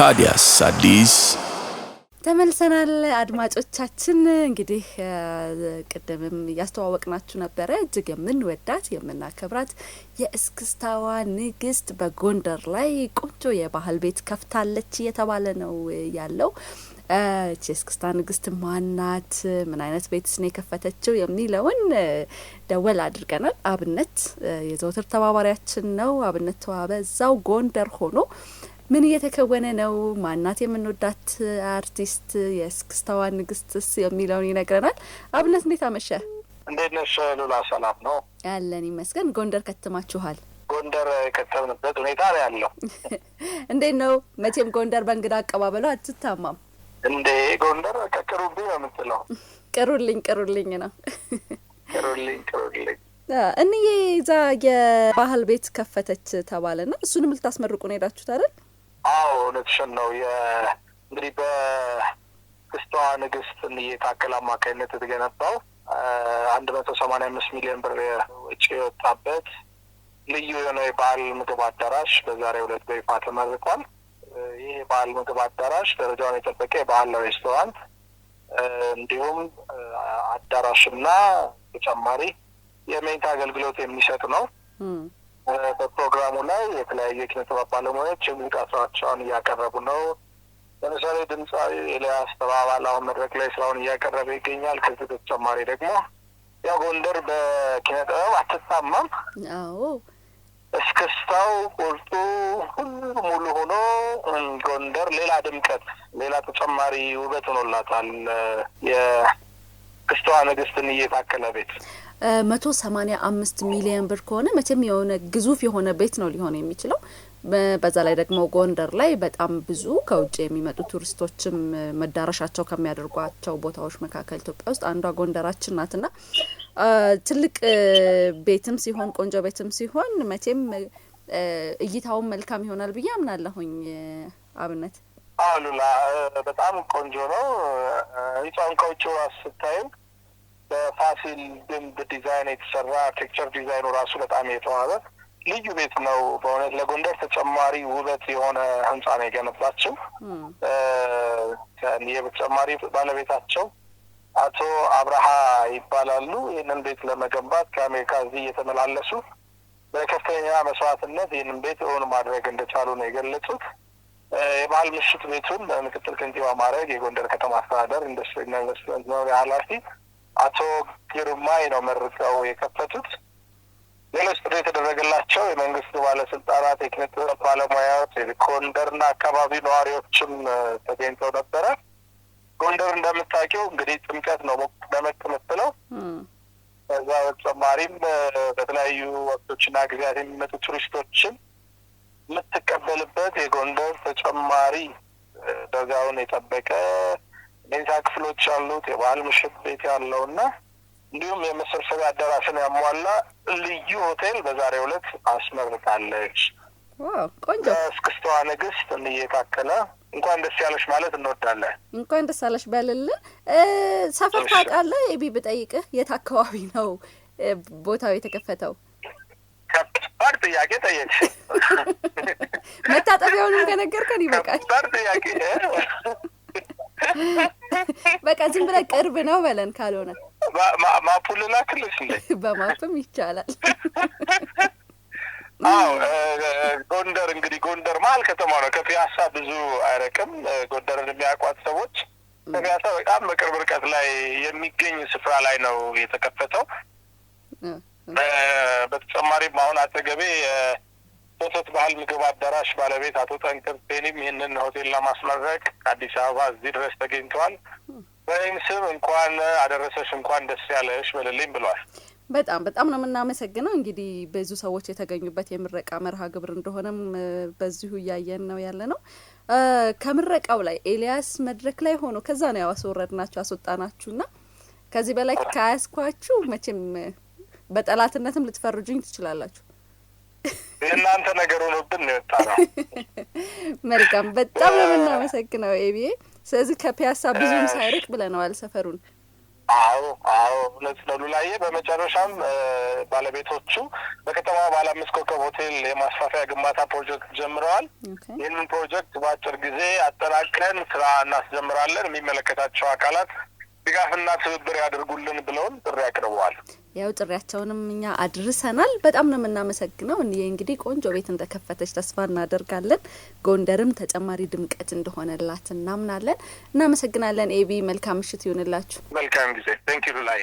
ታዲያስ አዲስ ተመልሰናል። አድማጮቻችን እንግዲህ ቅድምም እያስተዋወቅናችሁ ነበረ። እጅግ የምንወዳት የምናከብራት የእስክስታዋ ንግስት በጎንደር ላይ ቆንጆ የባህል ቤት ከፍታለች እየተባለ ነው ያለው። እቺ የእስክስታ ንግስት ማናት? ምን አይነት ቤትስ ነው የከፈተችው? የሚለውን ደወል አድርገናል። አብነት የዘወትር ተባባሪያችን ነው። አብነት ተዋበ እዛው ጎንደር ሆኖ ምን እየተከወነ ነው? ማናት የምንወዳት አርቲስት የእስክስታዋ ንግስትስ የሚለውን ይነግረናል። አብነት እንዴት አመሸ? እንዴት ነሽ ሉላ? ሰላም ነው ያለን ይመስገን። ጎንደር ከትማችኋል? ጎንደር የከተምንበት ሁኔታ ነው ያለው። እንዴት ነው? መቼም ጎንደር በእንግዳ አቀባበሉ አትታማም እንዴ? ጎንደር ቅሩብኝ ነው የምትለው። ቅሩልኝ ቅሩልኝ ነው ቅሩልኝ ቅሩልኝ እንዬ ዛ የባህል ቤት ከፈተች ተባለ ና እሱንም ልታስመርቁ ነው ሄዳችሁት አይደል? አዎ እውነትሽን ነው። እንግዲህ በክስቷ ንግስት እየታከል አማካኝነት የተገነባው አንድ መቶ ሰማንያ አምስት ሚሊዮን ብር ወጪ የወጣበት ልዩ የሆነ የባህል ምግብ አዳራሽ በዛሬው ዕለት በይፋ ተመርቋል። ይህ የባህል ምግብ አዳራሽ ደረጃውን የጠበቀ የባህል ሬስቶራንት እንዲሁም አዳራሽና ተጨማሪ የመኝታ አገልግሎት የሚሰጥ ነው። በፕሮግራሙ ላይ የተለያዩ የኪነ ጥበብ ባለሙያዎች የሙዚቃ ስራቸውን እያቀረቡ ነው። ለምሳሌ ድምፃዊ ኤልያስ ተባባል አሁን መድረክ ላይ ስራውን እያቀረበ ይገኛል። ከዚህ በተጨማሪ ደግሞ ያው ጎንደር በኪነ ጥበብ አትታማም። አዎ እስክስታው፣ ቁርጡ ሁሉ ሙሉ ሆኖ ጎንደር ሌላ ድምቀት፣ ሌላ ተጨማሪ ውበት ሆኖላታል። ንግስትን እየታከለ ቤት መቶ ሰማኒያ አምስት ሚሊዮን ብር ከሆነ መቼም የሆነ ግዙፍ የሆነ ቤት ነው ሊሆን የሚችለው። በዛ ላይ ደግሞ ጎንደር ላይ በጣም ብዙ ከውጭ የሚመጡ ቱሪስቶችም መዳረሻቸው ከሚያደርጓቸው ቦታዎች መካከል ኢትዮጵያ ውስጥ አንዷ ጎንደራችን ናትና ትልቅ ቤትም ሲሆን ቆንጆ ቤትም ሲሆን መቼም እይታውን መልካም ይሆናል ብዬ አምናለሁኝ። አብነት አሉላ በጣም ቆንጆ ነው። ህንጻውን ከውጭ ስታይም በፋሲል ግንብ ዲዛይን የተሰራ ቴክቸር ዲዛይኑ ራሱ በጣም የተዋበ ልዩ ቤት ነው። በእውነት ለጎንደር ተጨማሪ ውበት የሆነ ህንፃ ነው የገነባቸው። ተጨማሪ ባለቤታቸው አቶ አብርሃ ይባላሉ። ይህንን ቤት ለመገንባት ከአሜሪካ እዚህ እየተመላለሱ በከፍተኛ መስዋዕትነት ይህንን ቤት እውን ማድረግ እንደቻሉ ነው የገለጹት። የባህል ምሽት ቤቱን ምክትል ከንቲባ ማድረግ የጎንደር ከተማ አስተዳደር ኢንዱስትሪና ኢንቨስትመንት መምሪያ ኃላፊ አቶ ግርማይ ነው መርቀው የከፈቱት። ሌሎች ጥሪ የተደረገላቸው የመንግስት ባለስልጣናት፣ የኪነ ጥበብ ባለሙያዎች፣ ጎንደርና አካባቢ ነዋሪዎችም ተገኝተው ነበረ። ጎንደር እንደምታውቂው እንግዲህ ጥምቀት ነው ደመቅ የምትለው። ከዛ በተጨማሪም በተለያዩ ወቅቶችና ጊዜያት የሚመጡ ቱሪስቶችን የምትቀበልበት የጎንደር ተጨማሪ ደጋውን የጠበቀ መኝታ ክፍሎች ያሉት የባህል ምሽት ቤት ያለው እና እንዲሁም የመሰብሰቢያ አዳራሽን ያሟላ ልዩ ሆቴል በዛሬው ዕለት አስመርቃለች። ቆንጆ እስክስታዋ ንግስት እንየታከለ እንኳን ደስ ያለሽ ማለት እንወዳለን። እንኳን ደስ ያለሽ በልልን። ሰፈር ታውቃለህ? ኤቢ ብጠይቅህ የት አካባቢ ነው ቦታው የተከፈተው? ከባድ ጥያቄ ጠየቅ። መታጠቢያውንም ከነገርከን ይበቃል። ከባድ ጥያቄ በቃ ዝም ብለህ ቅርብ ነው በለን። ካልሆነ ማፑል ላክልሽ እንዴ? በማፕም ይቻላል። አዎ ጎንደር እንግዲህ ጎንደር መሀል ከተማ ነው። ከፒያሳ ብዙ አይረቅም። ጎንደርን የሚያውቋት ሰዎች ከፒያሳ በጣም በቅርብ ርቀት ላይ የሚገኝ ስፍራ ላይ ነው የተከፈተው። በተጨማሪም አሁን አጠገቤ በፍት ባህል ምግብ አዳራሽ ባለቤት አቶ ጠንቅር ቴኒም ይህንን ሆቴል ለማስመረቅ ከአዲስ አበባ እዚህ ድረስ ተገኝተዋል። በይም ስም እንኳን አደረሰሽ እንኳን ደስ ያለሽ በልልኝ ብሏል። በጣም በጣም ነው የምናመሰግነው። እንግዲህ ብዙ ሰዎች የተገኙበት የምረቃ መርሃ ግብር እንደሆነም በዚሁ እያየን ነው ያለ ነው። ከምረቃው ላይ ኤልያስ መድረክ ላይ ሆኖ ከዛ ነው ያስወረድ ናቸው ናችሁ ና ከዚህ በላይ ካያስኳችሁ መቼም በጠላትነትም ልትፈርጁኝ ትችላላችሁ። የእናንተ ነገር ሆኖብን ነው የወጣ ነው። መልካም በጣም ነው የምናመሰግነው ስለዚህ ከፒያሳ ብዙም ሳይርቅ ብለነዋል ሰፈሩን። አዎ አዎ እውነት ነው ሉላዬ። በመጨረሻም ባለቤቶቹ በከተማ ባለ አምስት ኮከብ ሆቴል የማስፋፊያ ግንባታ ፕሮጀክት ጀምረዋል። ይህንን ፕሮጀክት በአጭር ጊዜ አጠናቅቀን ስራ እናስጀምራለን። የሚመለከታቸው አካላት ድጋፍና ትብብር ያደርጉልን ብለውን ጥሪ አቅርበዋል። ያው ጥሪያቸውንም እኛ አድርሰናል። በጣም ነው የምናመሰግነው። ይህ እንግዲህ ቆንጆ ቤት እንደከፈተች ተስፋ እናደርጋለን። ጎንደርም ተጨማሪ ድምቀት እንደሆነላት እናምናለን። እናመሰግናለን። ኤቢ መልካም ምሽት ይሆንላችሁ። መልካም ጊዜ። ንኪ ላይ